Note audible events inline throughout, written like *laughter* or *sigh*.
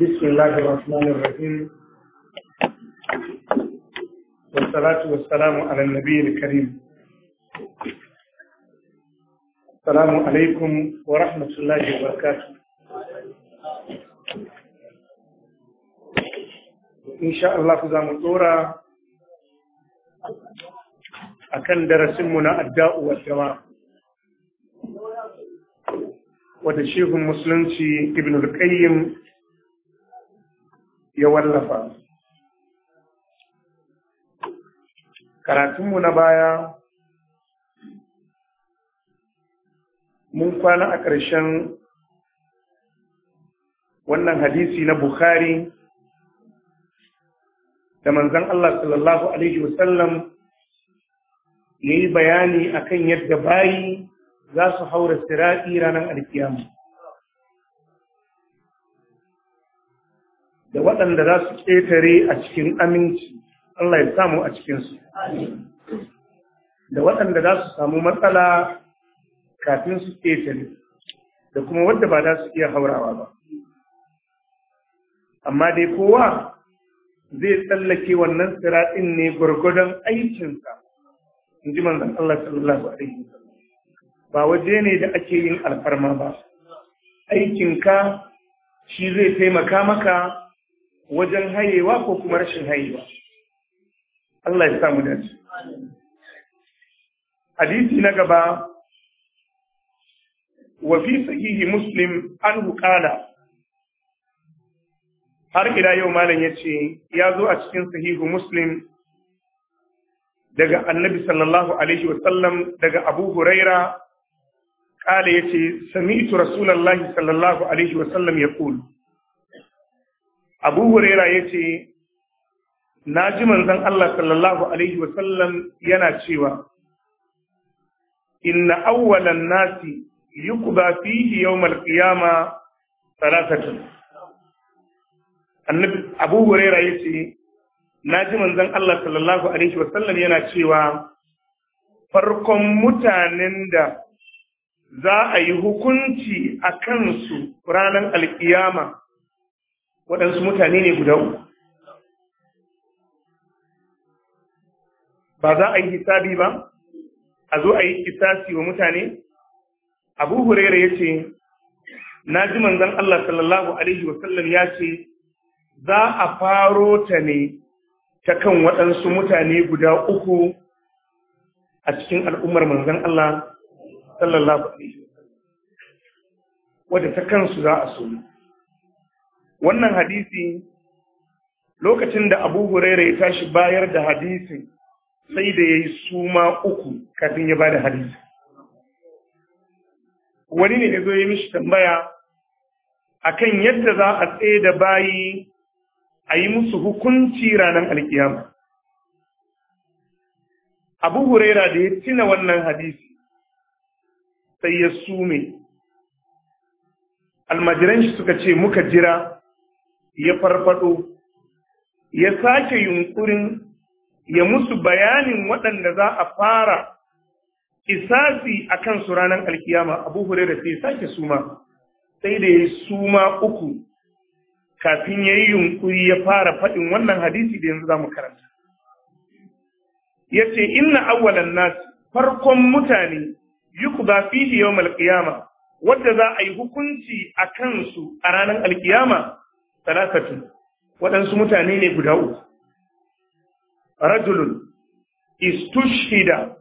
بسم الله الرحمن الرحيم والصلاة والسلام على النبي الكريم السلام عليكم ورحمة الله وبركاته إن شاء الله za mu tsora a kan darasinmu والجواب wadda shehun musulunci ibn al-qayyim ya wallafa karatunmu na baya mun kwana a ƙarshen wannan hadisi na bukhari da manzan Allah sallallahu Alaihi wasallam ya yi bayani akan yadda bayi za su haura siraɗi ranar alkiyama da waɗanda za su ƙetare a cikin aminci Allah ya samu a cikinsu da waɗanda za su samu matsala kafin su ƙetare da kuma wadda ba za su iya haurawa ba amma dai kowa zai tsallake wannan siraɗin ne gwargwadon aikinsa in ji manzan Allah sallallahu alaihi wasallam ba waje ne da ake yin alfarma ba aikinka shi zai taimaka maka wajen hayewa ko kuma rashin hayewa Allah ya samu dace hadisi na gaba wa fi sahihi muslim an hukala har ila yau malam yace ya zo a cikin sahihu muslim daga annabi sallallahu alaihi wasallam daga abu huraira kala ce, sami'tu rasulullahi sallallahu alaihi wa sallam yaqul Abu Huraira ce, na ji manzan Allah sallallahu alaihi wa sallam yana cewa inna awwalan nasi yuqda fihi yawm al-qiyama salatatun annabi Abu Huraira yace na ji manzan Allah sallallahu alaihi wa sallam yana cewa farkon mutanen da za a yi hukunci a kansu ranar alkiyama waɗansu mutane ne guda uku ba za a yi hisabi ba a zo a yi kisasi wa mutane abu huraira ya ce na ji manzon Allah sallallahu alaihi wasallam ya ce za a faro ta ne ta kan waɗansu mutane guda uku a cikin al'ummar manzon Allah sallallahu alaihi wadda ta kansu za a so wannan hadisi lokacin da abu huraira ya tashi bayar da hadisin sai da ya yi suma uku kafin ya ba da hadisi wani ne ya zo ya mishi tambaya akan yadda za a tsaye da bayi a yi musu hukunci ranar alkiyama abu huraira da ya tina wannan hadisi sai ya sume almajiran shi suka ce muka jira ya farfado ya sake yunkurin ya musu bayanin waɗanda za a fara isasi a kansu ranar alkiyama abu da sai sake suma sai da ya suma uku kafin ya yi yunkuri ya fara faɗin wannan hadisi da yanzu za mu karanta ya ce inna awwalan nasi farkon mutane yukuba fihi yawmal qiyamah wadda za a yi hukunci a kansu a ranar alkiyama talakatu waɗansu mutane ne guda uku rajulun Istus'hida.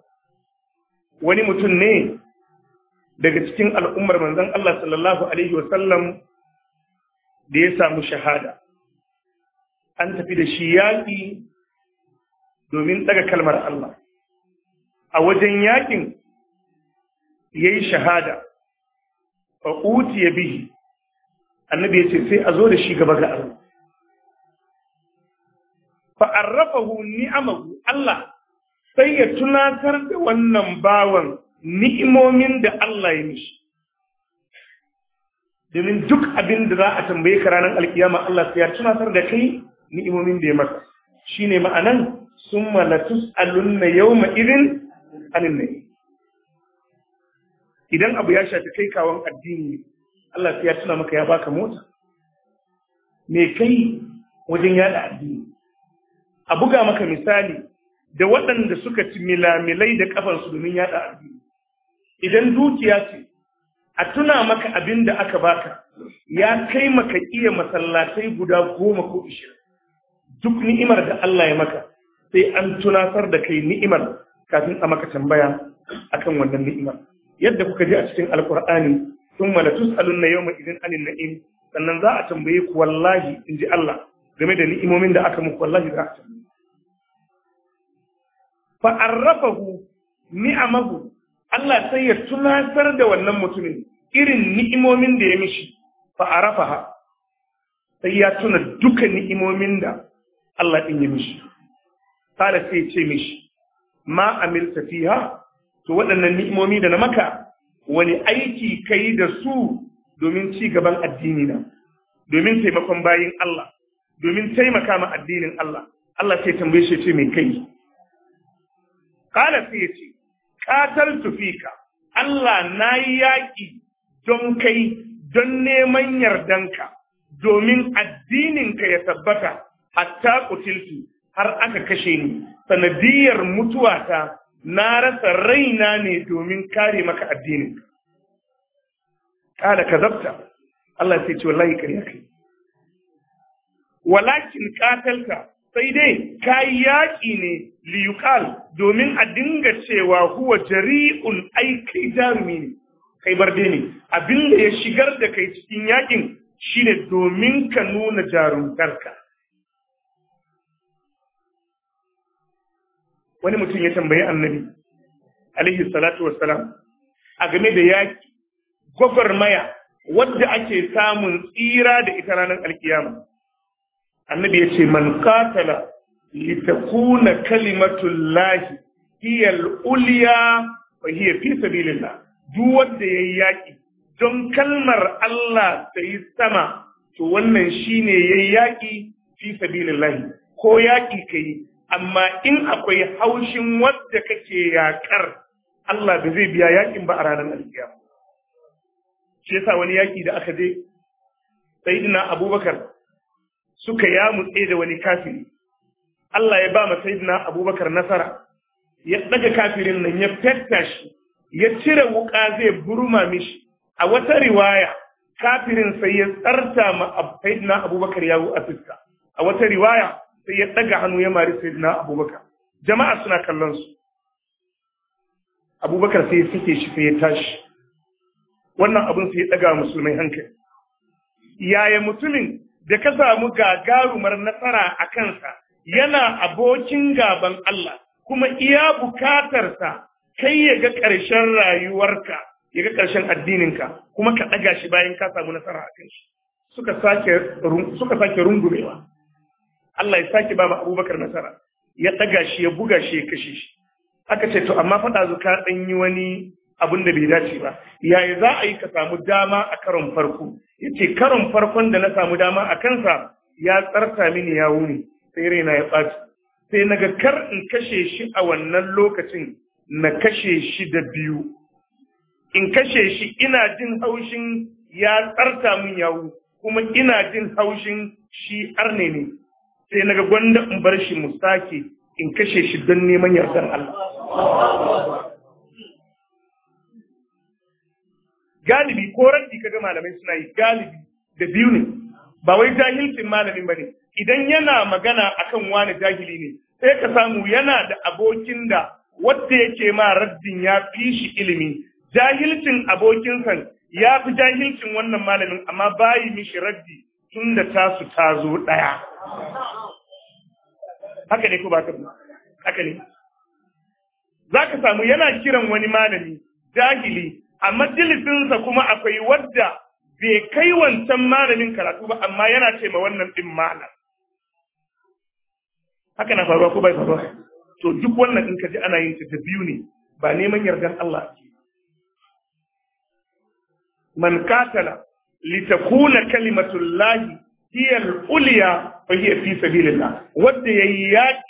wani mutum ne daga cikin al'ummar manzon Allah sallallahu alaihi wasallam da ya samu shahada an tafi da shi yaƙi domin ɗaga kalmar Allah a wajen yaƙin ya shahada fa ya bihi annabi ya ce sai a zo da shi gaba ga Allah fa arrafahu ni'amahu Allah sai ya tunatar da wannan bawan ni'imomin da Allah ya mishi domin duk abin da za a tambaye ka ranar alkiyama Allah sai ya tunatar da kai ni'imomin da ya maka shine ma'anan summa latus alunna yawma idin anin idan abu ya shafi kai kawon addini Allah ya tuna maka ya baka mota me kai wajen yada addini a buga maka misali da waɗanda suka ci milamilai da kafansu domin yada addini idan dukiya ce a tuna maka abin da aka baka ya kai maka iya masallatai guda goma ko ishirin duk ni'imar da Allah ya maka sai an tunatar da kai ni'imar kafin a maka tambaya akan wannan ni'imar yadda kuka ji a cikin alkur'ani sun mala tus'alun na yau idan anin na'im sannan za a tambaye ku wallahi in ji Allah game da ni'imomin da aka muku wallahi za a tambaye fa arrafahu ni'amahu Allah sai ya tunatar da wannan mutumin irin ni'imomin da ya mishi fa arafaha sai ya tuna duka ni'imomin da Allah din ya mishi Sara sai ce mishi ma amilta fiha to waɗannan ni'imomi da na maka wani aiki kai da su domin ci gaban addini na domin taimakon bayin Allah domin taimaka ma addinin Allah Allah sai tambaye shi ce me kai qala sai ce qatal tufika Allah yi yaki don kai don neman yardanka domin addininka ya tabbata hatta kutiltu har aka kashe ni sanadiyar mutuwata na rasa raina ne domin kare maka addinin ka kazabta Allah sai ce wallahi ƙarya kai walakin katalta sai dai kai yaƙi ne liyukal domin a dinga cewa huwa jari'un aiki jarumi ne kai bar ne abin da ya shigar da kai cikin yaƙin shine domin ka nuna jarumtarka wani mutum ya tambayi annabi alaihi salatu wassalam a game da yaki maya, wadda ake samun tsira da ita ranar alkiyama annabi ya ce man qatala litakuna kalimatul lahi hiya al wa hiya fi sabilillah duk wanda yayi yaki don kalmar Allah ta yi sama to wannan shine yayi yaki fi sabilillah ko yaki kai amma in akwai haushin wadda kake yakar Allah ba zai biya yakin ba a ranar alkiyama shi yasa wani yaki da aka je sayyidina Abubakar suka yamutse da wani kafiri Allah ya ba ma sayyidina Abubakar nasara ya daga kafirin nan ya fetta shi ya cire wuka zai burma mishi a wata riwaya kafirin sai ya tsarta ma sayyidina Abubakar yawo a fuska a wata riwaya sai ya daga hannu ya mari sayyidina abubakar jama'a suna kallon su abubakar sai ya fike shi sai ya tashi wannan abin sai ya daga musulmai hankali yaya mutumin da ka samu gagarumar nasara a kansa yana abokin gaban Allah kuma iya bukatarsa kai ya ga ƙarshen rayuwarka ya ga ƙarshen addininka kuma ka ɗaga shi bayan ka samu nasara a kan suka sake rungumewa Allah ya sake ba ma Abubakar nasara ya ɗaga shi ya buga shi ya kashe shi aka ce to amma faɗa zuka ɗan yi wani abun da bai dace ba yaya za a yi ka samu dama a karon farko ya ce karon farkon da na samu dama a kansa ya tsarta mini ya wuni sai raina ya ɓaci sai na ga kar in kashe shi a wannan lokacin na kashe shi da biyu in kashe shi ina jin haushin ya tsarta min yawu kuma ina jin haushin shi arne ne sai naga gwanda in bar shi mu sake in kashe shi don neman yardan Allah galibi ko raddi kaga malamai suna yi galibi da biyu ne ba wai jahilcin malamin bane idan yana magana akan wani jahili ne sai ka samu yana da abokin da wadda yake ma raddin ya fi shi ilimi jahilcin abokinsa ya fi jahilcin wannan malamin amma bayi mishi raddi tunda tasu ta zo ɗaya. haka ne ko ba ka haka ne za ka samu yana kiran wani malami jahili a majalisinsa kuma akwai wadda bai kai wancan malamin karatu ba amma yana ce ma wannan din malam haka na faruwa ko bai faruwa to duk wannan in ka ji ana yin ta biyu ne ba neman yardan Allah ake man katala litakuna kalimatullahi hiya al-ulya fa hiya yayi yaƙi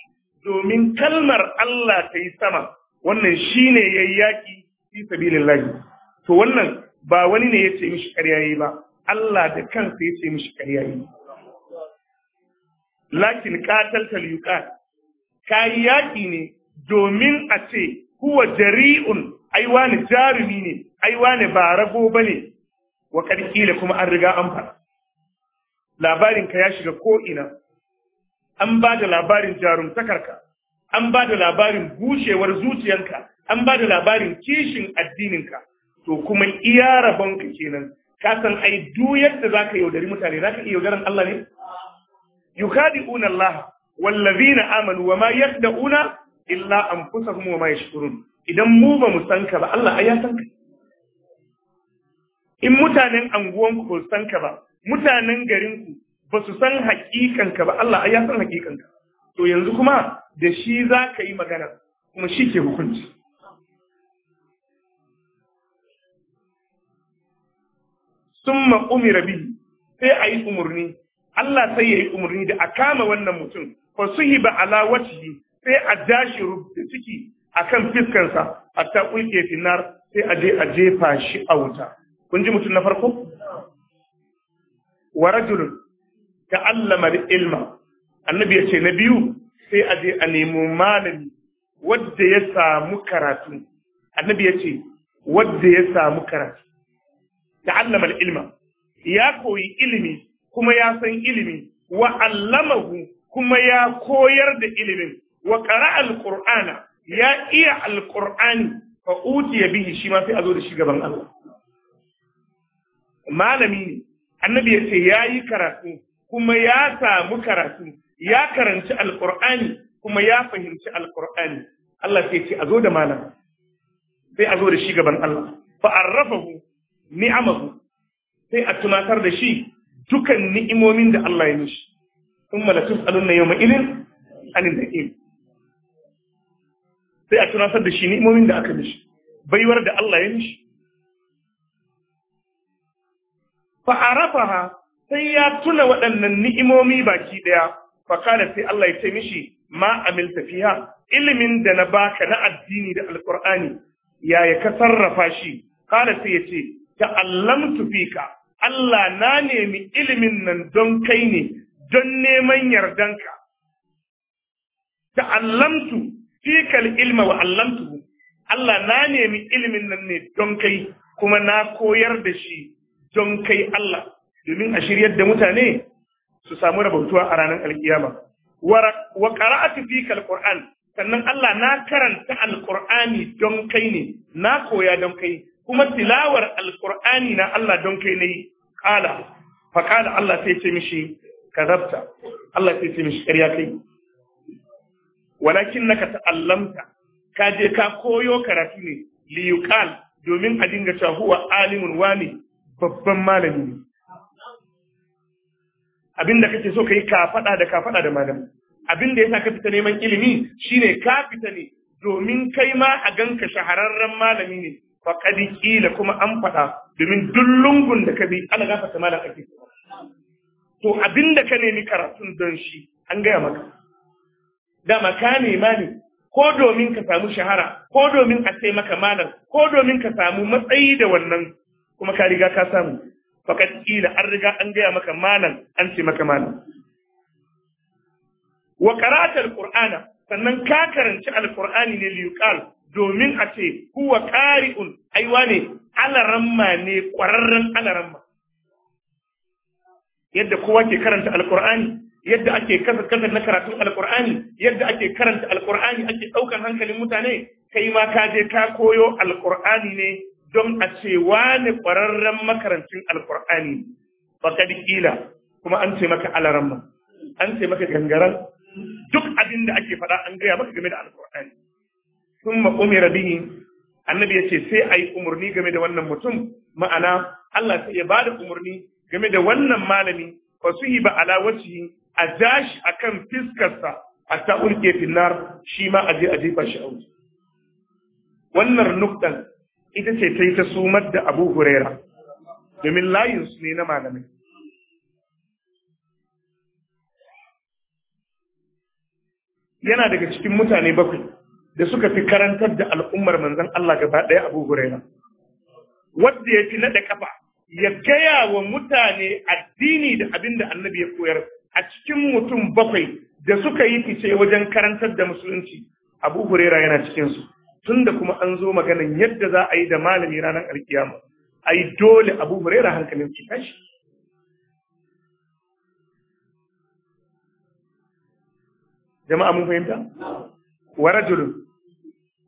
domin kalmar Allah ta yi sama wannan shi shine yayi yaƙi fi sabilillah to wannan ba wani ne ya ce mishi ƙarya ba Allah da kansa ya ce mishi ƙarya yayi lakin qatalta ka yi yaƙi ne domin a ce kuwa jari'un ai ne jarumi ne ai ne ba rago ba ne wa da kuma an riga an fara labarinka ya shiga ko'ina, an ba da labarin jarumtakarka, an ba da labarin bushewar zuciyanka, an ba da labarin kishin addininka, to kuma iya rabonka kenan, ka san ai du yadda za ka yaudari mutane, za ka iya yaudaran Allah ne? Yukadi'una Allah, na amanu wa ma illa anfusahum wa ma yashkurun. Idan mu ba mu san ka ba, Allah ai san ka. In mutanen anguwanku ko san ka ba, mutanen garinku ba su san haƙiƙanka ba Allah ya san hakikanka to yanzu kuma da shi za ka yi magana kuma shi ke hukunci summa umira rabi sai ayi yi umarni Allah sai ya yi umarni da a kama wannan mutum fa suhiba ala wajhi sai a dashi rubuta ciki akan fiskansa hatta ulke finar sai a je a jefa shi a wuta kun ji mutum na farko wa rajulun ta'allama ilma annabi ya ce na biyu sai a je a nemo malami wadda ya samu karatu annabi ya ce wadda ya samu karatu ta'allama ilma ya koyi ilimi kuma ya san ilimi wa allamahu kuma ya koyar da ilimin wa al alqur'ana ya iya al alqur'ani fa utiya bihi shi ma sai a zo da shi gaban Allah malami ne annabi ya ce ya yi karatu kuma ya samu karatu ya karanci alkur'ani kuma ya fahimci alkur'ani Allah sai ce a zo da malam sai a zo da shi gaban Allah fa'arrafahu ni'amahu sai a tunatar da shi dukan ni'imomin da Allah ya mishi sun malatus alunna yau ma'ilin anin da sai a tunatar da shi ni'imomin da aka mishi baiwar da Allah ya mishi fa arafaha sai ya tuna waɗannan ni'imomi baki ɗaya fa kana sai Allah ya ce mishi ma amilta fiha ilimin da na baka na addini da alqur'ani yaya ka sarrafa shi kana sai ya ce ta'allamtu fika Allah na nemi ilimin nan don kai ne don neman yardanka ta'allamtu fikal ilma wa allamtuhu Allah na nemi ilimin nan ne don kai kuma na koyar da shi don kai Allah domin a shiryar da mutane su samu rabautuwa a ranar alkiyama wa qara'atu fika alquran sannan Allah na karanta alqur'ani don kai ne na koya don kai kuma tilawar alqur'ani na Allah don kai ne qala fa qala Allah sai ce mishi kadabta Allah sai ce mishi ƙarya kai walakinnaka ta'allamta ka je ka koyo karatu ne liyuqal domin a dinga cewa huwa alimun wani babban malami ne abinda kake so kai ka faɗa da ka faɗa da malami abinda yasa ka fita neman ilimi shine ka fita ne domin kai ma a ganka shahararren malami ne kadi kuma an faɗa domin duk da ka bi ana gafarta malam ake to abinda ka nemi karatun don shi an gaya maka dama ka nema ne ko domin ka samu shahara ko domin a sai maka malam ko domin ka samu matsayi da wannan kuma ka riga ka samu fakat ila an riga an gaya maka malam an ce maka malam wa karatar qur'ana sannan ka karanci alqur'ani ne liyuqal domin a ce huwa qari'un aiwa ne alaramma ne kwararren alaramma yadda kowa ke karanta alqur'ani yadda ake kasa kasa na karatun alqur'ani yadda ake karanta alqur'ani ake daukan hankalin mutane kai ma ka je ka koyo alqur'ani ne don a ce wani ƙwararren makarancin alƙur'ani ba ka kila kuma an ce maka alaramma an ce maka gangaran duk abin da ake faɗa an gaya maka game da alƙur'ani sun umira bihi annabi ya ce sai a yi umarni game da wannan mutum ma'ana Allah sai ya bada umarni game da wannan malami fa su yi ba ala wajhi a jashi akan fiskarsa hatta ulke finnar shi ma a je a jefa shi a wannan nuktan ita ce ta yi ta sumar da abu huraira domin layinsu ne na malamai yana daga cikin mutane bakwai da suka fi karantar da al'ummar manzan Allah gaba ɗaya abu huraira wadda ya fi naɗa kafa ya gaya wa mutane addini da abin da annabi ya koyar a cikin mutum bakwai da suka yi fice wajen karantar da musulunci abu huraira yana cikinsu tunda kuma an zo maganan yadda za a yi da malami ranar alkiyama ai dole abu huraira hankalin su tashi jama'a mun fahimta wa rajulun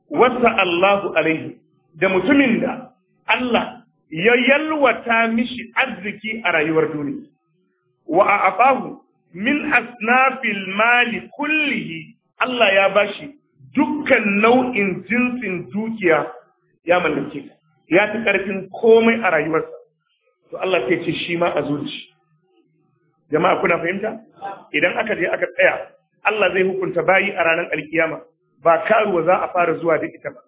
wasa Allahu alaihi da mutumin da Allah ya yalwata mishi arziki a rayuwar duniya wa a'afahu min asnafil mali kullihi Allah ya bashi dukkan nau'in jinsin dukiya ya mallake ta ya fi karfin komai a rayuwarsa to Allah sai ce shi ma a zuci jama'a kuna fahimta idan aka je aka tsaya Allah zai hukunta bayi a ranar alkiyama ba karuwa za a fara zuwa da ita ba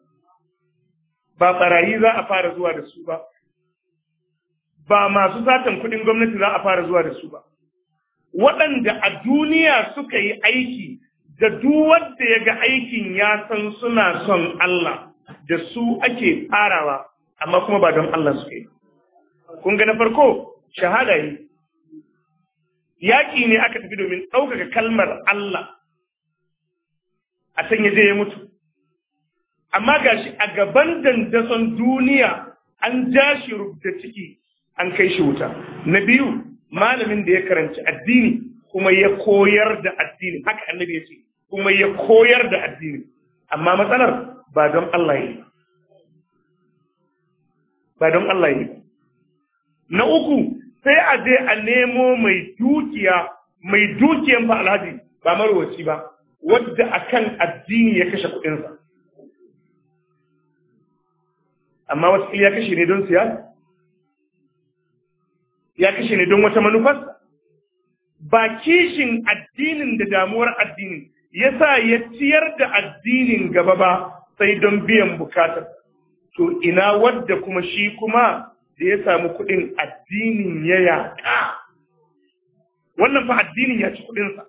ba barayi za a fara zuwa da su ba ba masu satan kudin gwamnati za a fara zuwa da su ba waɗanda a duniya suka yi aiki da duk wanda ya ga aikin ya san suna son Allah da su ake farawa amma kuma ba don Allah suke kun ga na farko shahada yi yaƙi ne aka tafi domin ɗaukaka kalmar Allah a san ya je ya mutu amma gashi a gaban dandason duniya an ja shi rubuta ciki an kai shi wuta na biyu malamin da ya karanci addini kuma ya koyar da addini haka annabi ya ce kuma ya koyar da addini amma matsalar ba don Allah yi ba don Allah yi na uku sai a je a nemo mai dukiya mai dukiyan ba alhaji ba marwaci ba wadda akan addini ya kashe kuɗinsa amma wasu ya kashe ne don siyasa ya kashe ne don wata manufarsa ba kishin addinin da damuwar addinin yasa ya ciyar da addinin gaba ba sai don biyan bukatar to ina wadda kuma shi kuma da ya samu kuɗin addinin ya yaƙa wannan fa addinin ya ci kuɗinsa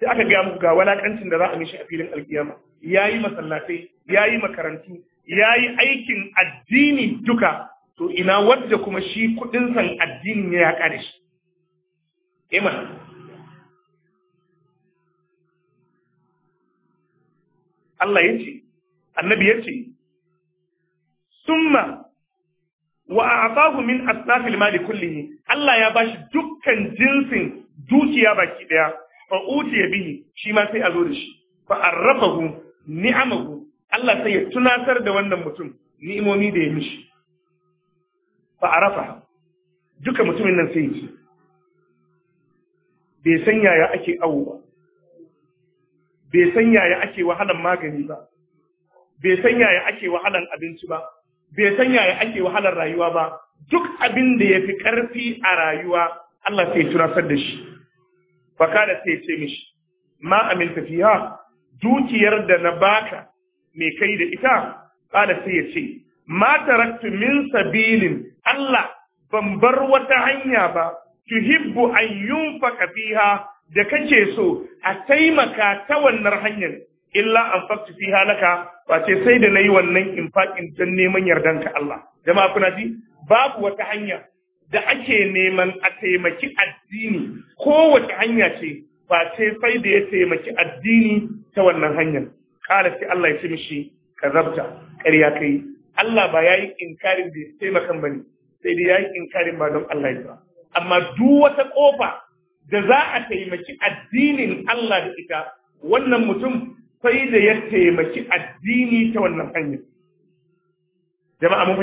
sai aka gaya muku ga walakancin da za a mishi a filin alkiyama ya yi masallatai ya yi makarantu ya yi aikin addini duka to ina wadda kuma shi kuɗinsan addinin ya yaƙa da Iman, Allah ya ce annabi ya ce summa wa a'tahu min asnafil mali kullihi Allah ya bashi dukkan jinsin dukiya baki daya fa utiya bihi shi ma sai a zo da shi fa arrafahu ni'amahu Allah sai ya tunatar da wannan mutum ni'imomi da ya mishi fa arafa duka mutumin nan sai ya bai san yaya ake awo ba bai san yaya ake wahalan magani ba bai san yaya ake wahalan abinci ba bai san yaya ake wahalan rayuwa ba duk abin da ya fi ƙarfi a rayuwa Allah sai tunasar da shi da sai ce mishi ma aminta fiha dukiyar da na baka mai kai da ita kada sai ya ce ma taraktu min sabilin Allah ban bar wata hanya ba tuhibbu an yunfaka fiha da kake so a taimaka ta wannan hanyar illa an fakti fiha laka Wace sai da nayi wannan infakin don neman ka Allah jama'a kuna ji babu wata hanya da ake neman a taimaki addini kowace hanya ce ba sai sai da ya taimaki addini ta wannan hanyar kala sai Allah ya ce mishi kazabta ƙarya kai Allah ba yayi inkarin da ya taimaka bane sai da yayi inkarin ba don Allah ya ba amma duk wata kofa da za a taimaki addinin Allah da ita wannan mutum sai da ya taimaki addini ta wannan hanyar jama'a mun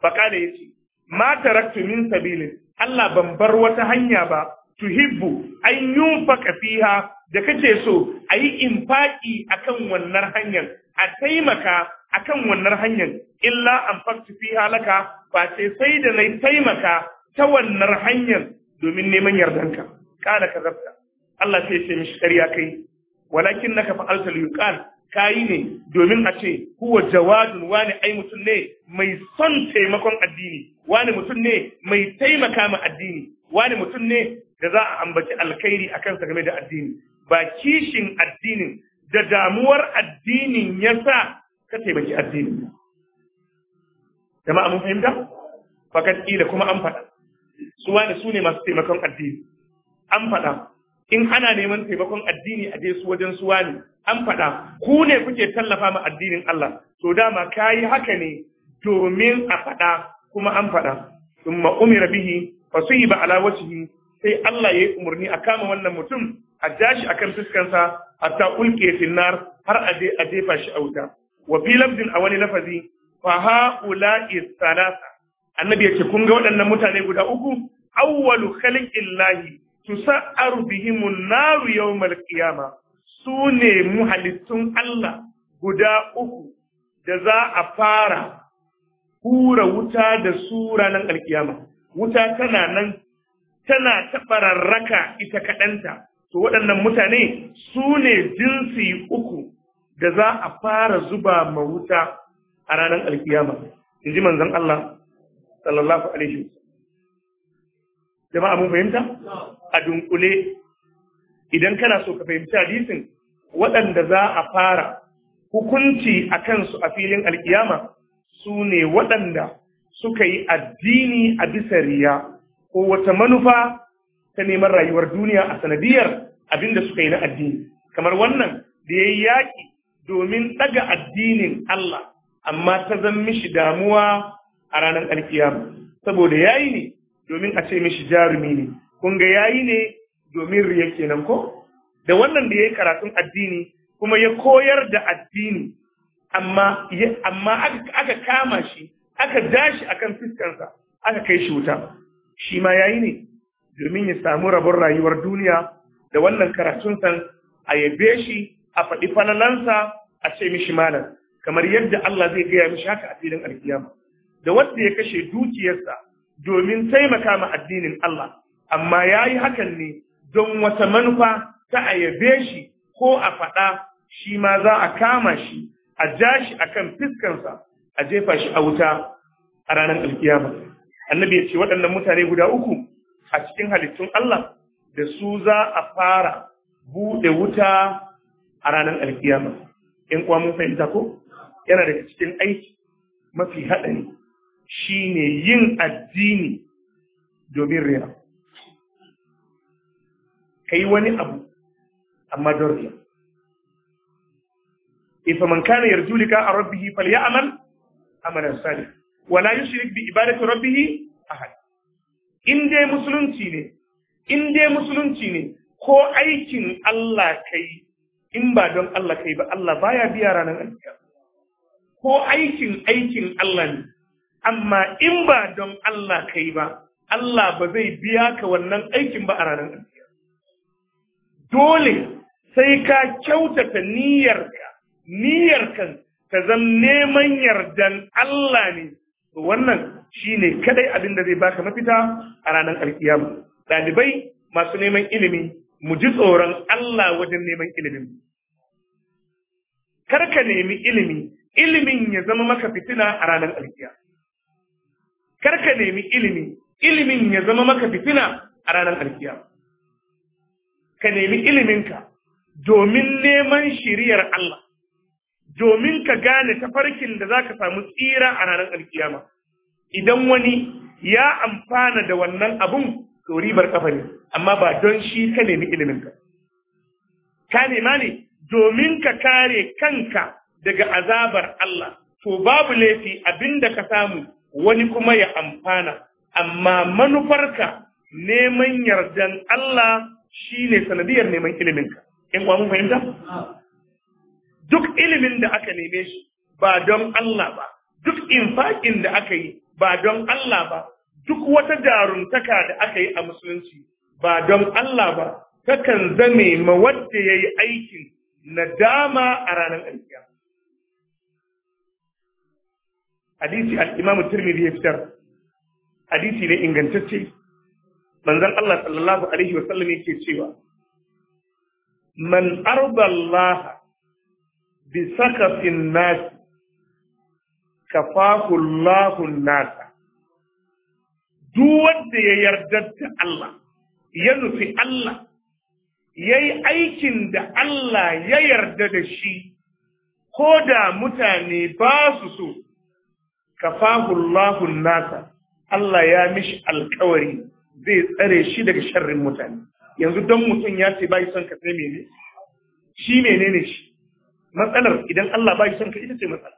fahimta ya yace ma taraktu min sabilin Allah ban bar wata hanya ba tuhibbu an yunfaka fiha da kace so ayi infaki akan wannan hanyar a taimaka akan wannan hanyar illa an faktu fiha laka ba sai sai da na taimaka ta wannan hanyar domin neman yardanka kala kazabta Allah sai sai ce mishi ƙarya kai walakin naka fa'alta yuqal kayi ne domin a ce huwa jawadun wani ai mutum ne mai son taimakon addini wani mutum ne mai taimaka ma addini wani mutum ne da za a ambaci alkhairi akan sa game da addini ba kishin addinin da damuwar addinin yasa ka taimaki addinin jama'a mun fahimta fakat da kuma an faɗa su wane su ne masu taimakon addini an faɗa in ana neman taimakon addini a je su wajen su wane an faɗa ku ne kuke tallafa ma addinin Allah to dama kayi haka ne domin a faɗa kuma an faɗa thumma umira bihi fasiba ala wajhihi sai Allah yayi umarni a kama wannan mutum a jashi akan fuskansa hatta ulke finnar nar har aje a jefa shi a wuta wa fi lafzin a wani lafazi fa haula'i salasa annabi ya ce kun ga waɗannan mutane guda uku awwalu khalqillahi tusa'aru an-nar yawm al qiyama su ne muhalittun Allah guda uku da za a fara hura wuta da su ranar alkiyama wuta tana nan tana taɓararraka ita kaɗanta to waɗannan mutane su ne jinsi uku da za a fara zuba ma wuta a ranar alkiyama in ji manzon Allah sallallahu alaihi wasallam jama'a mun fahimta a dunkule idan kana so ka fahimci hadisin waɗanda za a fara hukunci a kansu a filin alkiyama su ne waɗanda suka yi addini a bisa riya ko wata manufa ta neman rayuwar duniya a sanadiyar abin da suka yi na addini kamar wannan da ya yi yaƙi domin ɗaga addinin Allah amma ta zan mishi damuwa a ranar alkiyama saboda yayi ne domin a ce mishi jarumi ne kun ga yayi ne domin riya kenan ko da wannan da ya yi karatun addini kuma ya koyar da addini amma amma aka kama shi aka dashi akan sa, aka kai shi wuta shi ma yayi ne domin ya samu rabon rayuwar duniya da wannan karatun san a yabe shi a faɗi falalansa a ce mishi malam kamar yadda Allah zai gaya mishi haka a filin alkiyama da wanda ya kashe dukiyarsa domin taimaka ma addinin Allah amma ya yi hakan ne don wata manufa ta a shi ko a faɗa shi ma za a kama shi a ja shi a kan fiskansa a jefa shi a wuta a ranar alkiyama annabi ya ce waɗannan mutane guda uku a cikin halittun Allah da su za a fara buɗe wuta a ranar alkiyama in kuwa mun fahimta ko yana daga cikin aiki mafi haɗari shine yin addini domin Ka kai wani abu amma don riya. ifa man kana yarju lika a rabbihi falyamal amalan salih wala yushrik bi ibadati rabbih ahad in dai musulunci ne in dai musulunci ne ko aikin Allah kai in ba don Allah kai ba Allah baya biya ranar alkiyama ko aikin aikin Allah ne amma in ba don Allah kai ba Allah ba zai biya ka wannan aikin ba a ranar dole sai ka kyautata niyyarka ka zan neman yardan Allah ne wannan shi ne kadai abin da zai baka mafita a ranar alkiyama ɗalibai masu neman ilimi mu ji tsoron Allah wajen neman ilimin kar nemi ilimi ilimin ya zama maka fitina a ranar alkiyama kar ka nemi ilimi ilimin ya zama maka fitina a ranar alkiya ka nemi iliminka domin neman shiriyar Allah domin ka gane tafarkin da za ka samu tsira a ranar alkiyama idan wani ya amfana da wannan abun to ribar kafa ne amma ba don shi ka nemi iliminka ka nema ne domin ka kare kanka daga azabar Allah to babu laifi abinda ka samu wani kuma ya amfana amma manufarka neman yardan Allah shi ne sanadiyar neman iliminka in kwa mun fahimta duk ilimin da aka neme shi ba don Allah ba duk infakin da aka yi ba don Allah ba duk wata jaruntaka da aka yi a musulunci ba don Allah ba takan zame ma wadda ya yi aikin nadama a ranar alkiya hadisi al-imam ya fitar hadisi ne ingantacce manzon Allah sallallahu alaihi wa yake cewa man arda Allah bi sakatin nas kafahu Allah nas duk wanda ya yarda da Allah ya nufi Allah yayi aikin da Allah ya yarda da shi ko da mutane ba su so kafahu Allahu nasa Allah ya mishi alkawari zai tsare shi daga sharrin mutane yanzu don mutum ya ce bai son ka sai mene shi menene shi matsalar idan Allah bai son ka ita ce matsala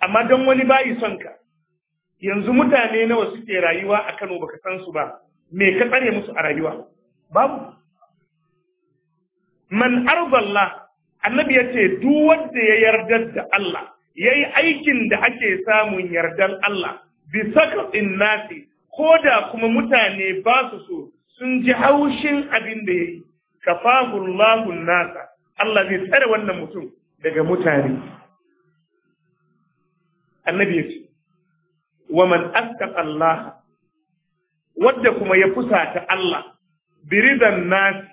amma don wani bai son ka yanzu mutane nawa suke rayuwa a Kano baka san su ba me ka tsare musu a rayuwa babu man arzalla annabi yace ce duk wanda ya yarda da Allah yayi aikin da ake samun yardan Allah bi in nasi ko da kuma mutane ba su so sun ji haushin abin da yayi kafahu Allahu nasa Allah zai tsare wannan mutum daga mutane annabi ya ce wa man aska Allah wadda kuma ya fusata Allah birizan nasi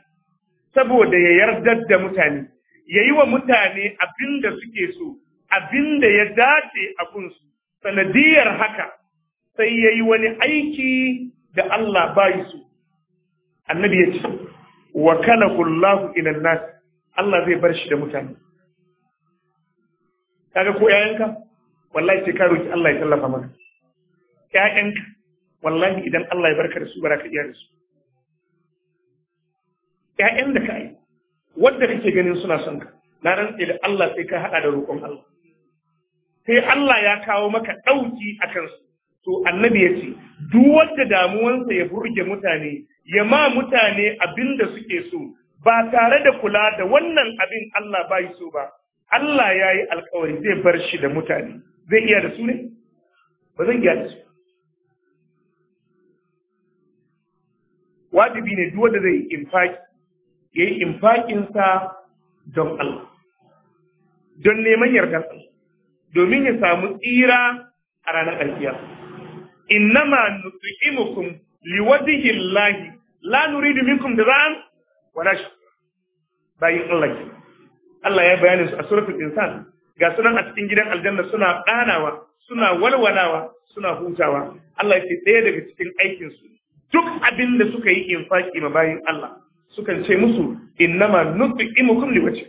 saboda ya yardar da mutane yayi wa mutane abin da suke so abin da ya dace a kunsu sanadiyar haka sai ya yi wani aiki da Allah bai su annabi ya ce wa kana kullahu ilan nas Allah zai bar shi da mutane kaga ko yayanka wallahi sai ka roki Allah ya tallafa maka yayanka wallahi idan Allah ya barka da su baraka iya da su yayan da ka yi wanda kake ganin suna son ka na rantse da Allah sai ka hada da roƙon Allah sai Allah ya kawo maka ɗauki a kansu. To annabi ya ce, duk wanda damuwansa ya burge mutane, ya ma mutane abin da suke so, ba tare da kula da wannan abin Allah ba so ba, Allah ya yi alkawari zai bar shi da mutane. Zai iya da su ne? Ba zan iya da su. Wajibi ne duk wanda zai infaki, ya yi infakinsa don Allah, don neman yardar Allah. domin ya samu tsira a ranar alkiyama innama nut'imukum liwajhi llahi la nuridu minkum jazaan wala shi bayin Allah ke Allah ya bayanin su a suratul insan ga sunan a cikin gidan aljanna suna ƙanawa suna walwalawa suna hutawa Allah ya ce ɗaya daga cikin aikin su duk abin da suka yi infaki ma bayin Allah sukan ce musu innama nut'imukum liwajhi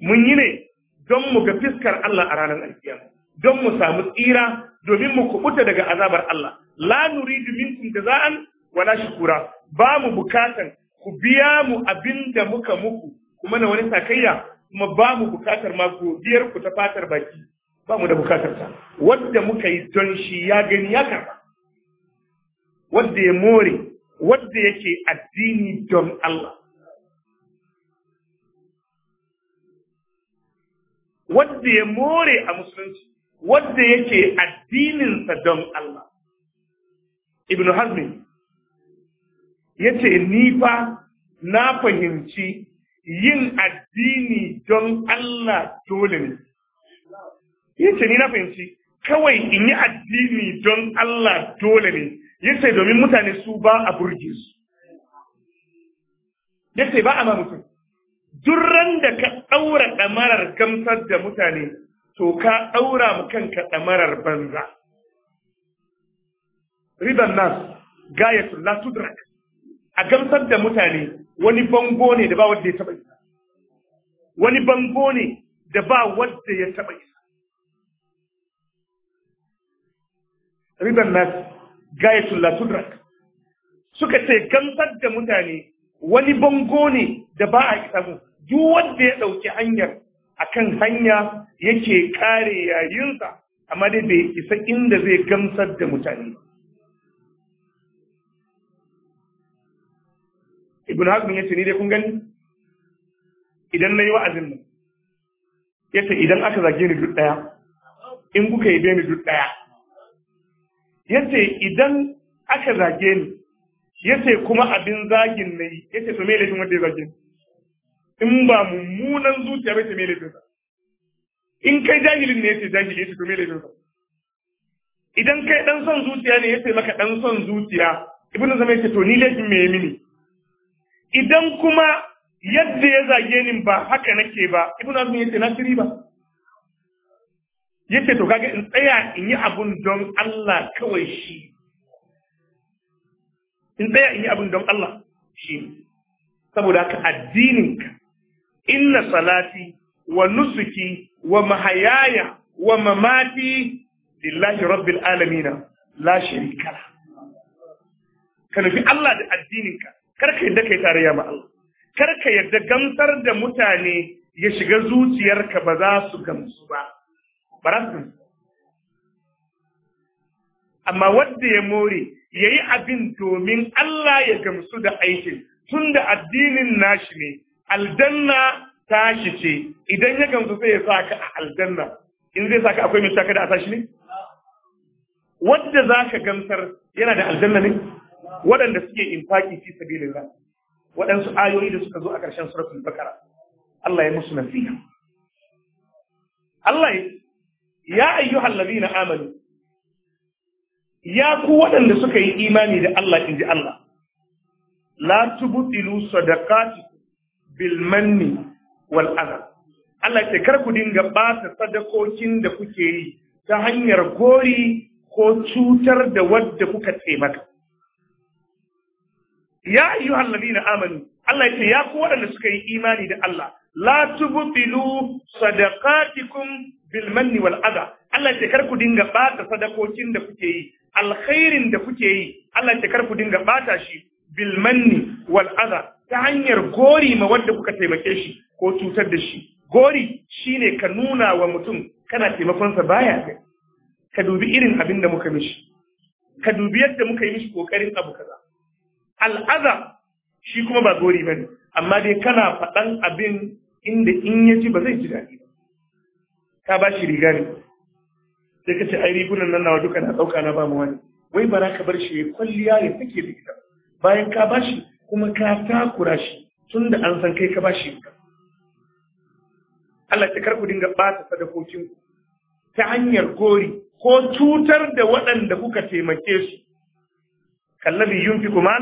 mun yi ne don mu ga fiskar Allah a ranar alkiyama don mu samu tsira domin mu kubuta daga azabar Allah la nuridu minkum jaza'an wala shukura ba mu bukatan ku biya mu abinda muka muku kuma na wani sakayya kuma ba mu bukatar ma godiyar ku ta fatar baki ba mu da bukatar ta wanda muka yi don shi ya gani ya karba wanda ya more wanda yake addini don Allah wanda ya more a musulunci wanda yake addininsa don Allah ibnu hazmi yace ni fa na fahimci yin addini don Allah dole ne yace ni na fahimci kawai in yi addini don Allah dole ne yace domin mutane su ba a burge su yace ba a ma mutum duk ran da ka ɗaura ɗamarar gamsar da mutane to ka ɗaura mu kanka ɗamarar banza riban nan gayatul la tudrak a gamsar da mutane wani bango ne da ba wadda ya taɓa isa wani bango ne da ba wadda ya taɓa isa riban nan gayatul la suka ce gamsar da mutane wani bango ne da ba a isa mu duk wanda ya ɗauki hanyar akan hanya yake kare yayinsa amma dai bai isa inda zai gamsar da mutane ibn hazm ya ce ni dai kun gani idan na yi wa'azin nan ya ce idan aka zage ni duk ɗaya in kuka yi ni duk ɗaya ya ce idan aka zage ni yace kuma abin zagin nayi yace to me laifin wanda ya zage in ba mummunan zuciya ba ce me laifin sa in kai jahilin ne yace jahili yace to me laifin sa idan kai dan son zuciya ne yace maka dan son zuciya ibnu zama yace to ni laifin me mini idan kuma yadda ya zage ni ba haka nake ba ibnu azmi yace na shiri ba yace to kaga in tsaya in yi abun don Allah kawai shi in tsaya in yi abin don Allah shi ne saboda haka addininka inna salati wa nusuki wa mahayaya wa mamati lillahi rabbil alamina la sharika la ka nufi Allah da addininka kar ka yadda kai tarayya ma Allah kar ka yadda gamsar da mutane ya shiga zuciyarka ba za su gamsu ba ba amma wanda ya more ya yi abin domin Allah ya gamsu da aikin tun da addinin nashi ne aljanna shi ce idan ya gamsu sai ya saka a aljanna in zai saka akwai mai saka da a ne wadda za ka gamsar yana da aljanna ne waɗanda suke infaki fi sabilin ra waɗansu ayoyi da suka zo a ƙarshen suratul bakara Allah ya musu nasiha Allah ya ayyuhal ladina amanu ya ku waɗanda suka yi imani da Allah inji Allah la tubtilu sadaqati bil manni wal adha Allah ce kar ku dinga ɓata sadakokin da kuke yi ta hanyar gori ko cutar da wadda kuka taimaka ya ayyuhal na amanu Allah ce ya ku waɗanda suka yi imani da Allah la tubtilu sadaqatikum bil manni wal adha Allah ce kar ku dinga ɓata sadakokin da kuke yi alkhairin da kuke yi Allah ya karku dinga bata shi bil manni wal adha ta hanyar gori ma wanda kuka taimake shi ko cutar da shi gori shine ka nuna wa mutum kana taimakon sa baya kai ka dubi irin abin da muka mishi ka dubi yadda muka yi mishi kokarin abu kaza al'aza shi kuma ba gori bane amma dai kana faɗan abin inda in ya ba zai ji daɗi ba ka ba shi riga ne sai ka ce ai rigunan nan nawa duka na ɗauka na ba mu wani wai ba ka bar shi ya kwalliya ya take da ita bayan ka bashi kuma ka takura shi tun da an san kai ka bashi Allah ta karku dinga ɓata sadakokin ta hanyar gori ko cutar da waɗanda kuka taimake su kallabi yunfi kuma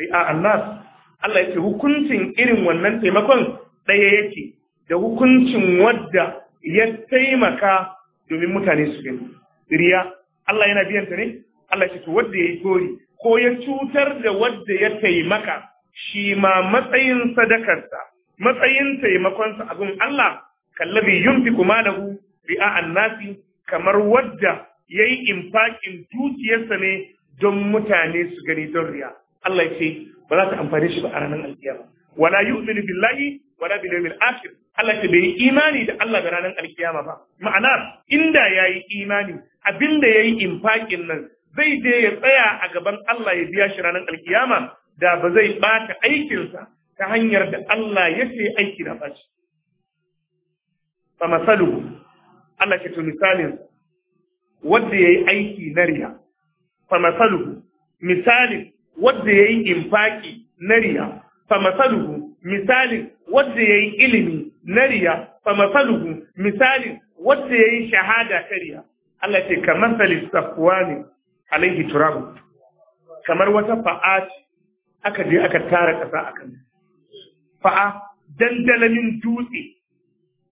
ri'a annas Allah ya ce hukuncin irin wannan taimakon ɗaya yake da hukuncin wadda ya taimaka domin mutane su gani riya Allah yana biyan ta ne Allah ce to wanda yi gori ko ya cutar da wadda ya taimaka shi ma matsayin sadakarsa matsayin taimakonsa abin Allah kallabi yunfiku malahu ri'a annasi kamar wadda ya yi infakin dukiyarsa ne don mutane su gani don riya Allah ya ce ba za ta amfani shi ba a ranar alkiyama wala yu'minu billahi wala bil yawmil akhir Allah ce bai imani da Allah da ranar alkiyama ba ma'ana inda yayi imani abinda yayi infakin nan zai je ya tsaya a gaban Allah ya biya shi ranar alkiyama da ba zai bata aikinsa ta hanyar da Allah ya ce aiki na bashi fa masalu Allah ke misalin wanda yayi aiki na riya fa masalu misalin wanda yi infaki na riya fa masaluhu misalin wanda ya yi ilimi na riya fa masaluhu misalin wanda ya yi shahada ta riya Allah ce ka masali safwani alaihi turabu kamar wata fa'a aka je aka tara ƙasa a kan fa'a dandalamin dutse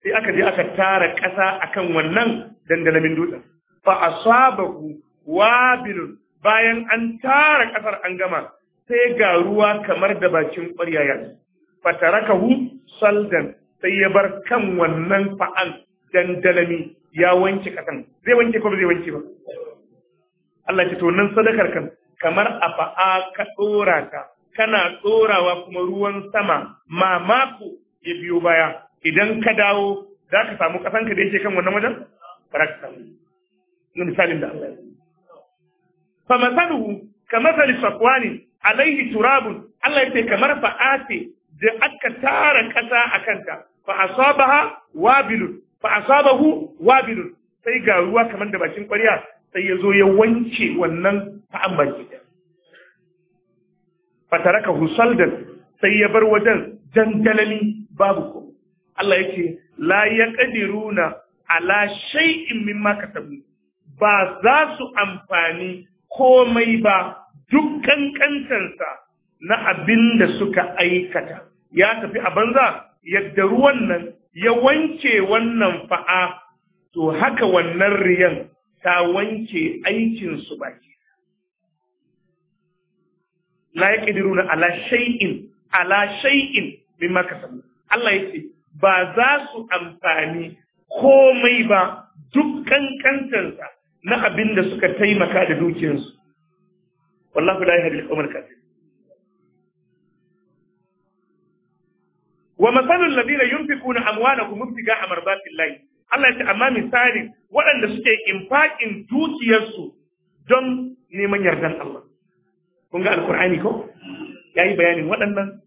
sai aka je aka tara ƙasa akan wannan dandalamin dutsen fa asabahu wabilun bayan an tara ƙasar an gama sai ga ruwa kamar da bakin ƙwarya fatarakahu saldan sai ya bar kan wannan fa'an dandalami ya wanke kasan zai wanke ko zai wanke ba Allah ce to nan sadakar kan kamar a fa'a ka dora ta kana dorawa kuma ruwan sama mamako ya biyo baya idan ka dawo za ka samu kasan ka da yake kan wannan wajen barakta na misalin da Allah ya fa masaluhu kamathali safwani alaihi turabun Allah ya ce kamar fa'ati da aka tara ƙasa a kanta fa asabaha wabilun fa asabahu wabilun sai ga ruwa kamar da bakin ƙwarya sai ya zo ya wanke wannan fa'an baki Fa taraka husaldan sai ya bar wajen jangalali babu ko Allah yake la yaqdiruna ala shay'in mimma katabu ba za su amfani komai ba duk ƙanƙantansa na abin da suka aikata ya tafi a banza yadda ruwan nan ya wanke wannan fa'a to haka wannan riyan ta wanke aikinsu baki. La ya na ala shay'in, ala shay'in maka makasabu. Allah ya ce, ba za su amfani komai ba duk kankantarsa na abin da suka taimaka da dukiyarsu. Wallahu la ya hadil kafin. wa masalul ladina yunfikuna amwalahum ibtiga'a mardatillahi Allah ya ce amma misalin waɗanda suke infaƙin dukiyarsu don neman yardan Allah kun ga alkur'ani ko ya yi bayanin waɗannan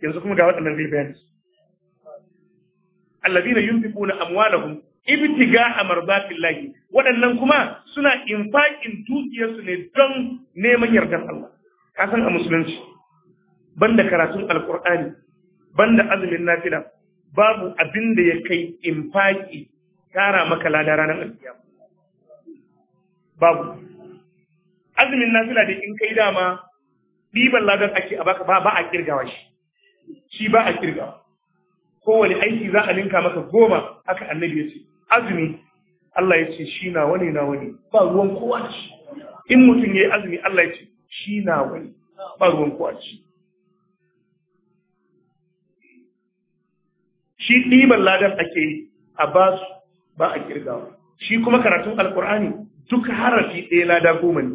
yanzu kuma ga waɗannan zai bayani alladina yunfikuna amwalahum ibtiga'a mardatillahi waɗannan kuma suna infaqin dukiyarsu ne don neman yardan Allah ka san a musulunci banda karatun alqur'ani banda azumin nafila babu abin da ya kai infaki tara maka lada ranar alkiyama babu azumin nafila da in kai dama ɗiban ladar ake a baka ba a kirgawa shi shi ba a kirgawa kowane aiki za a ninka maka goma haka annabi ya ce azumi Allah ya ce shi na wani na wani ba ruwan kowa shi in mutum ya yi azumi Allah ya ce shi na wani ba ruwan kowa shi shi ɗiban ladan ake yi a ba su ba a kirgawa shi kuma karatun alkur'ani duk harafi ɗaya lada goma ne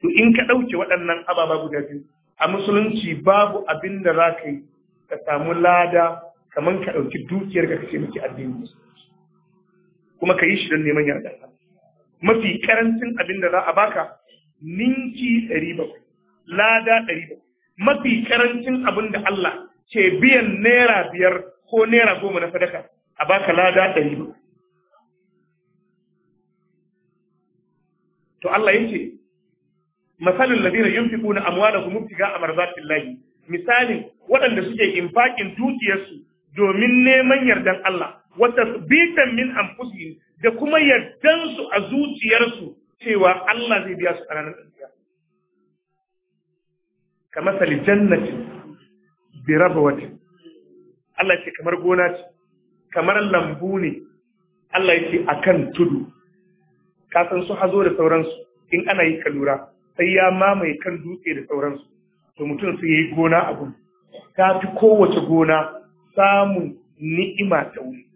to in ka ɗauke waɗannan ababa guda biyu a musulunci babu abin da za ka yi ka samu lada kamar ka ɗauki dukiyar ka kace miki addini kuma ka yi shi don neman yarda mafi karancin abin da za a baka ninki ɗari bakwai lada ɗari bakwai mafi karancin abin da Allah ke biyan naira biyar ko naira goma na sadaka a baka lada ɗari to Allah yake masalin ladina yunfiquna a ibtiga'a marzatillahi misalin waɗanda suke infakin dukiyarsu domin neman yardan Allah wata bitan min anfusihim da kuma yardan su a zuciyarsu cewa Allah zai biya su a ranar kamar sali jannatin bi Allah ce kamar gona ce kamar lambu ne Allah ya ce akan tudu ka san su hazo da sauransu in ana yi kalura sai ya mamaye kan dutse da sauransu to mutum sai yayi gona a gun ta fi kowace gona samun ni'ima ta wuri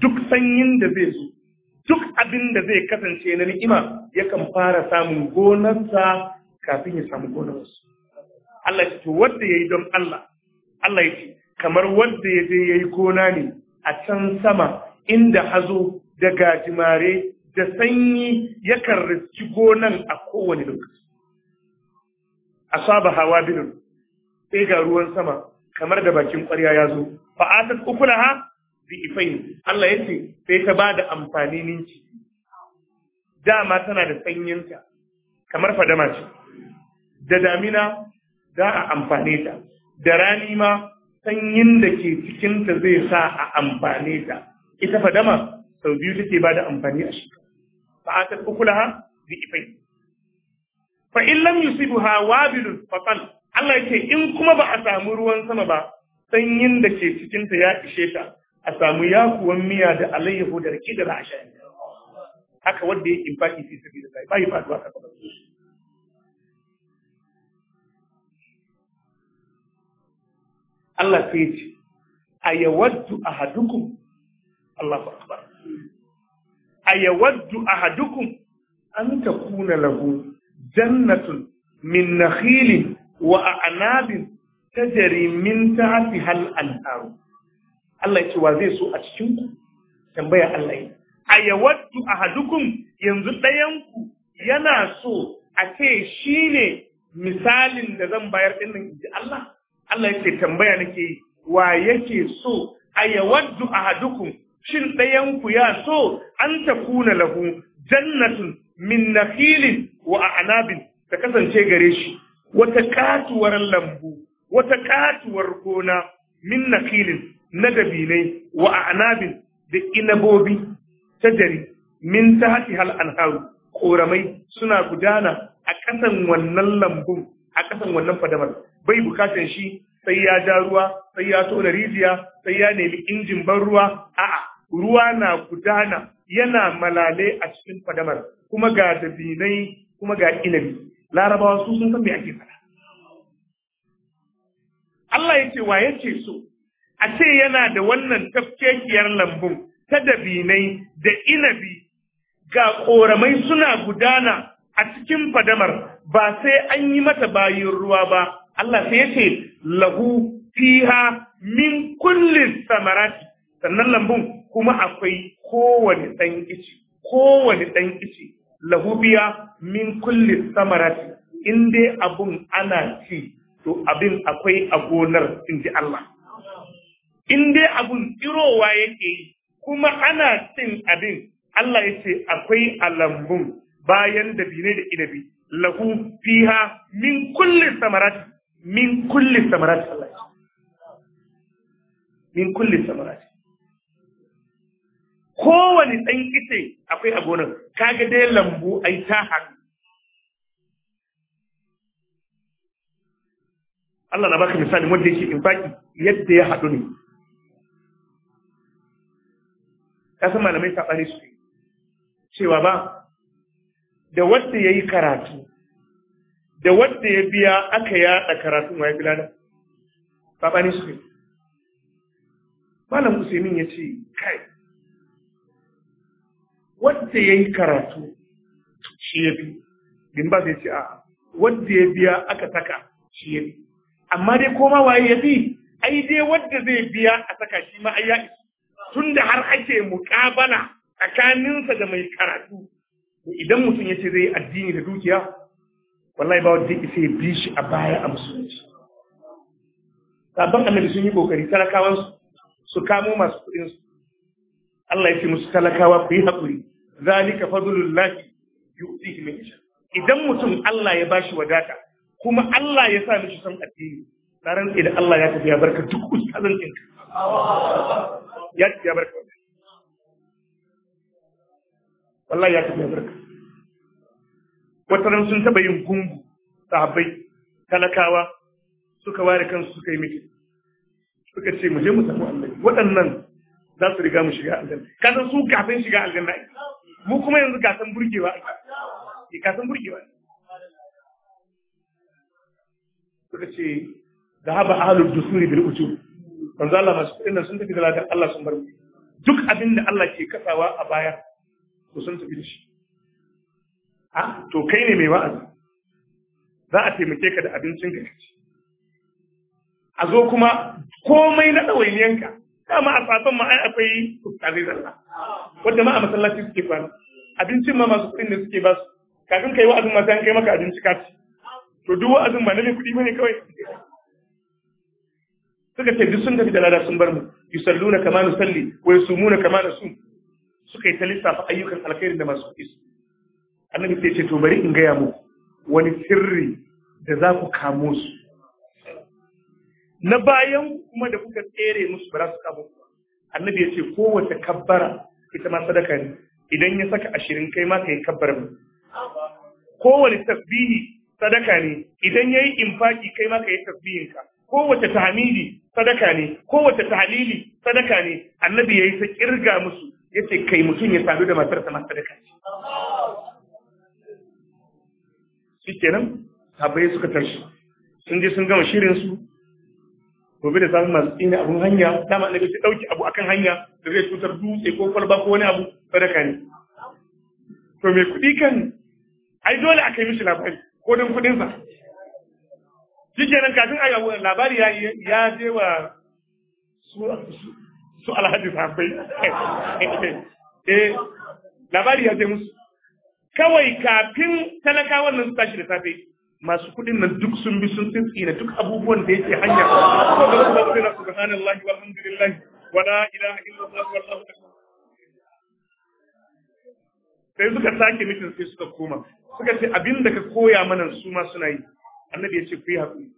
duk sanyin da zai zo duk abin da zai kasance na ni'ima yakan fara samun gonarsa kafin ya samu gonarsa Allah ya ce wanda yayi don Allah Allah ya ce kamar wanda ya je ya yi gona ne a can sama inda hazo da gajimare da sanyi yakan riski gonan a kowane lokaci. saba hawa binin sai ga ruwan sama kamar da bakin kwarya ya zo. Fa'atat ukulaha bi ne. Allah ya ce sai ta ba da amfani ninci. Dama tana da sanyinta kamar fadama ce. Da damina za a amfane ta, da rani ma sanyin da ke cikinta zai sa a amfane ta ita fadama sau biyu take ba da amfani a shekara fa'atar ha? bi ifai fa in lam yusibuha wabilun fatal Allah yake in kuma ba a samu ruwan sama ba sanyin da ke cikinta ya ishe ta a samu yakuwan miya da alayyahu da rake da a sha haka wanda ya infaki fi sabida bai faduwa ba Allah sai ce a ayawaddu ahadukum Allahu akbar a ahadukum an takuna lahu jannatun min nakhilin wa a a'nabin tajri min tahtiha al-anhar Allah ya ce wa zai so a cikinku tambaya Allah yi a ahadukum yanzu ɗayanku yana so a ce ne misalin da zan bayar din nan inji Allah Allah yake tambaya nake wa yake so a ayawaddu ahadukum shin ɗayan ku ya so an takuna lahu jannatun min nakhilin wa a'nabin ta kasance gare shi wata katuwar lambu wata katuwar gona min nakhilin na dabinai wa a'nabin da inabobi dare min ta haɗi hal anharu koramai suna gudana a kasan wannan lambun a kasan wannan fadamar bai bukatan shi sai ya ja ruwa sai ya tona rijiya sai ya nemi injin ban ruwa a'a ruwa na gudana yana malale a cikin fadamar kuma ga dabinai kuma ga inabi larabawa su sun san me ake faɗa Allah ya ce wa yake so a ce yana da wannan tafkekiyar lambun ta dabinai da inabi ga ƙoramai suna gudana a cikin fadamar ba sai an yi mata bayin ruwa ba Allah sai ya ce lahu fiha min kulli samarati sannan lambun kuma akwai kowane dan ice kowane dan ice lahu biya min kulli samarati in abun ana ci to abin akwai a gonar in ji Allah in dai abun tsirowa yake kuma ana cin abin Allah ya ce akwai a lambun bayan da bine da inabi lahu fiha min kulli samarati min kulli samarat Allah min kulli samarat kowane ɗan ite akwai a gonar kaga dai lambu ai ta hannu Allah na baka misali wanda yake infaki yadda ya haɗu ne ka san malamai saɓani su cewa ba da wanda ya yi karatu da wanda ya biya aka yaɗa karatun wa ya fi lada su ne malam usaimin ya ce kai wanda ya yi karatu shi ya bi, bin ba zai ce a wanda ya biya aka saka shi ya bi. amma dai koma waye ya fi ai dai wanda zai biya a saka shi ma ai ya isa tun da har ake muƙabala tsakaninsa da mai karatu idan mutum ya ce zai addini da dukiya wallahi ba wajen isa ya bi shi a baya a musulunci sabon annabi sun yi kokari talakawansu, su kamo masu kuɗin Allah ya fi musu talakawa ku yi haƙuri zalika fadlullahi yu'tihi min yasha idan mutum Allah ya bashi wadata kuma Allah ya sa mishi san addini na rantsi da Allah ya tafi ya barka duk ustazan ɗinka ya tafi ya barka wallahi ya tafi ya barka wataran sun taɓa yin gungu sahabbai talakawa suka ware kansu suka yi miki suka ce mu je mu samu annabi waɗannan za su riga mu shiga aljanna kasan su kafin shiga aljanna mu kuma yanzu gasan burgewa gasan eh, burgewa suka ce da haba ahlul dusuri bil ujub manzo Allah masu kudin nan sun tafi da ladan Allah sun bar mu duk abin da Allah ke kasawa a baya ko sun tafi da shi ah to kai ne mai wa'azi za a taimake ka da abincin ka ci a zo kuma komai na ɗawainiyanka dama a tsatson ma ai akwai da Allah. wadda ma a masallaci suke kwana abincin ma masu kuɗin da suke ba su kafin kai wa'azin ma sai kai maka abinci ka ci to duk wa'azin ma na mai kuɗi bane kawai suka ce duk sun tafi da lada sun bar mu yusalluna kama nusalli wa yusumuna kama nasum suka yi ta lissafa ayyukan alkhairin da masu kuɗi su annabi sai ce to bari in gaya muku wani sirri da za ku kamo su na bayan kuma da kuka tsere musu ba za su kamo ku annabi ya ce kowace kabbara ita ma sadaka ne idan ya saka ashirin kai ma kai kabbar mu kowane tasbihi sadaka ne idan yayi infaki kai ma kai tasbihin ka kowace tahmidi sadaka ne kowace tahlili sadaka ne annabi yayi ta kirga musu yace kai mutum ya sadu da masarsa ma sadaka ce shikenan sabai suka tashi sun je sun gama shirin su gobe da samun masu tsini abun hanya dama annabi ta dauki abu akan hanya da zai cutar dutse ko kwalba ko wani abu sadaka ne to me kuɗi kan ai dole a yi mishi labari ko don kudin sa shi kenan kafin a yawo labari ya ya je wa su su alhaji sahabbai *laughs* eh labari ya je musu kawai kafin talaka wannan su tashi da safe masu kuɗin nan duk sun bi sun na duk abubuwan da yake hanya ko da su na subhanallahi walhamdulillahi wala ilaha illallah wallahu akbar sai suka sake mitin sai suka koma suka ce abin da ka koya mana su ma suna yi annabi ya ce ku yi haƙuri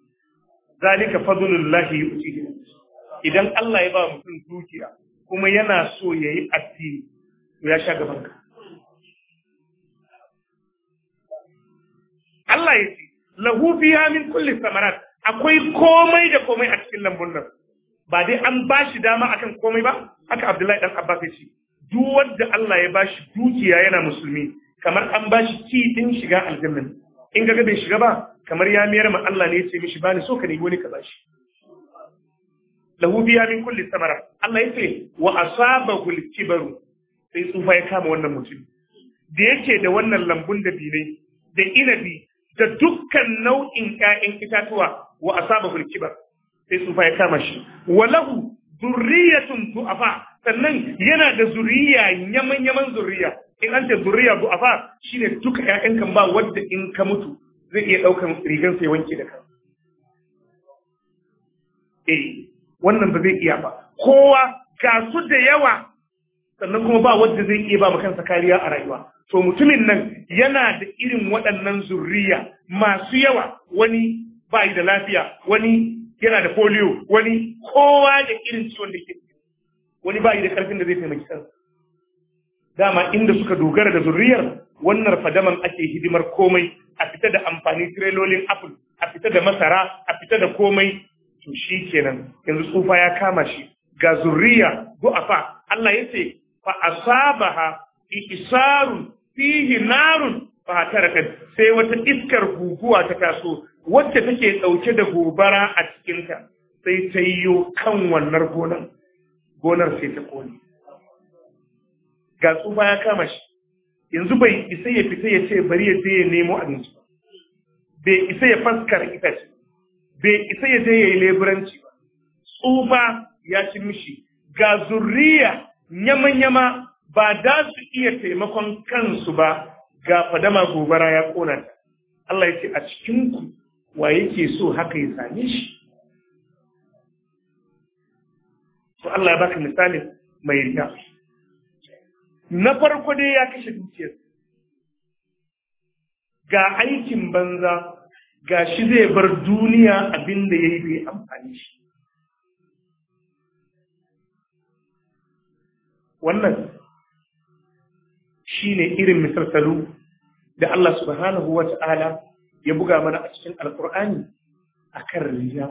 zalika fadlullahi yu'tihi idan Allah ya ba mutum dukiya kuma yana so yayi addini to ya sha gaban ka Allah ya ce lahu fiha min kulli samarat akwai komai da komai a cikin lambun nan ba dai an bashi dama akan komai ba haka Abdullahi dan Abbas ya ce duk wanda Allah ya bashi dukiya yana musulmi kamar an bashi ki shiga aljanna in ga bai shiga ba kamar ya miyar ma Allah ne ya ce mishi bani so ka ne wani ka bashi lahu biya min kulli samara Allah ya ce wa asabahu al-kibaru sai tsufa ya kama wannan mutum da yake da wannan lambun da ne da inabi da dukkan nau'in ƴaƴan itatuwa wa asaba kibar sai tsufa ya kama shi walahu zurriyatun du'afa sannan yana da zuriya yaman yaman zuriya in an ce zuriya du'afa shine duka ƴaƴan kan ba wanda in ka mutu zai iya daukan rigan sai wanke da kansa eh wannan ba zai iya ba kowa ga su da yawa sannan kuma ba wanda zai iya ba kansa kariya a rayuwa to mutumin nan yana da irin waɗannan zurriya masu yawa wani bai da lafiya wani yana da polio wani kowa da irin ciwon da ke wani bai da karfin da zai taimaki kansa dama inda suka dogara da zurriyar wannan fadaman ake hidimar komai a fita da amfani tirelolin apple a fita da masara a fita da komai to shi kenan yanzu tsufa ya kama shi ga zurriya du'afa Allah ya ce fa asabaha isarun fihi narun fa taraka sai wata iskar guguwa ta taso wacce take ɗauke da gobara a cikin ta sai ta yiwo kan wannan gonar gonar sai ta kone ga tsufa ya kama shi yanzu bai isa ya fita ya ce bari ya je ya nemo abinci ba. bai isa ya faskar ita ce bai isa ya je ya yi leburanci ba tsufa ya ci mishi ga zurriya nyama-nyama ba da su iya taimakon kansu ba ga fadama gobara ya ƙonata. Allah ya ce a cikinku wa yake so haka ya same shi. So Allah ya baka misali mai riya. Na farko dai ya kashe dukiyar. Ga aikin banza, ga shi zai bar duniya abinda da ya yi bai amfani shi. wannan shi ne irin misaltalu da Allah subhanahu wa ta'ala ya buga mana a cikin a kan riya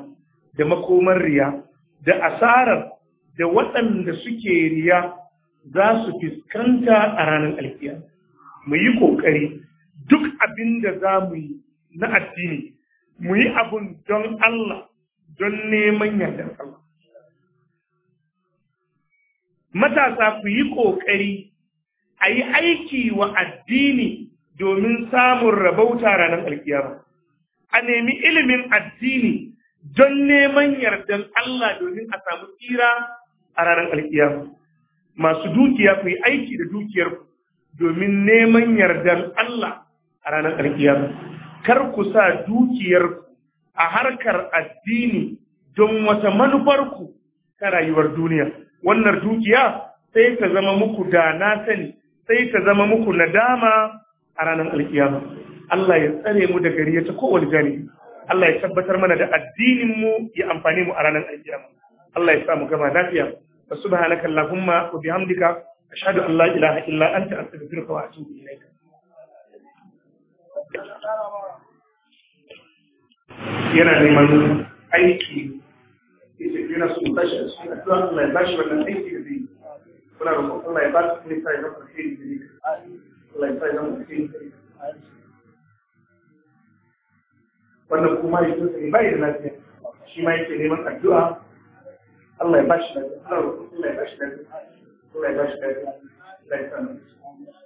da makomar riya da asarar da waɗanda suke riya za su fiskanta a ranar alkiya mu yi ƙoƙari duk abin da za mu yi na addini mu yi abin don Allah don neman yadda Allah matasa ku yi ƙoƙari a yi aiki wa addini domin samun rabauta ranar alkiyama a nemi ilimin addini don neman yardan Allah domin a samu tsira a ranar alkiyama masu dukiya ku yi aiki da dukiyar domin neman yardan Allah a ranar alkiyama kar ku sa dukiyar a harkar addini don wata manufarku ta rayuwar duniya wannan dukiya sai ta zama muku da na sani sai ta zama muku nadama a ranar alkiyama Allah ya tsare mu da gari ta kowane jani Allah ya tabbatar mana da addinin mu ya amfani mu a ranar alkiyama Allah ya sa mu gama lafiya wa subhanaka allahumma wa bihamdika ashhadu an la ilaha illa anta astaghfiruka wa atubu ilaik yana neman aiki yace kina su tashi a cikin addu'a Allah ya bashi wannan aiki da zai kuna roƙon Allah ya ba su sai na alheri da Allah ya alheri wannan kuma ya sai bai da lafiya shi ma yake neman addu'a Allah ya bashi lafiya Allah ya bashi lafiya Allah ya bashi lafiya Allah ya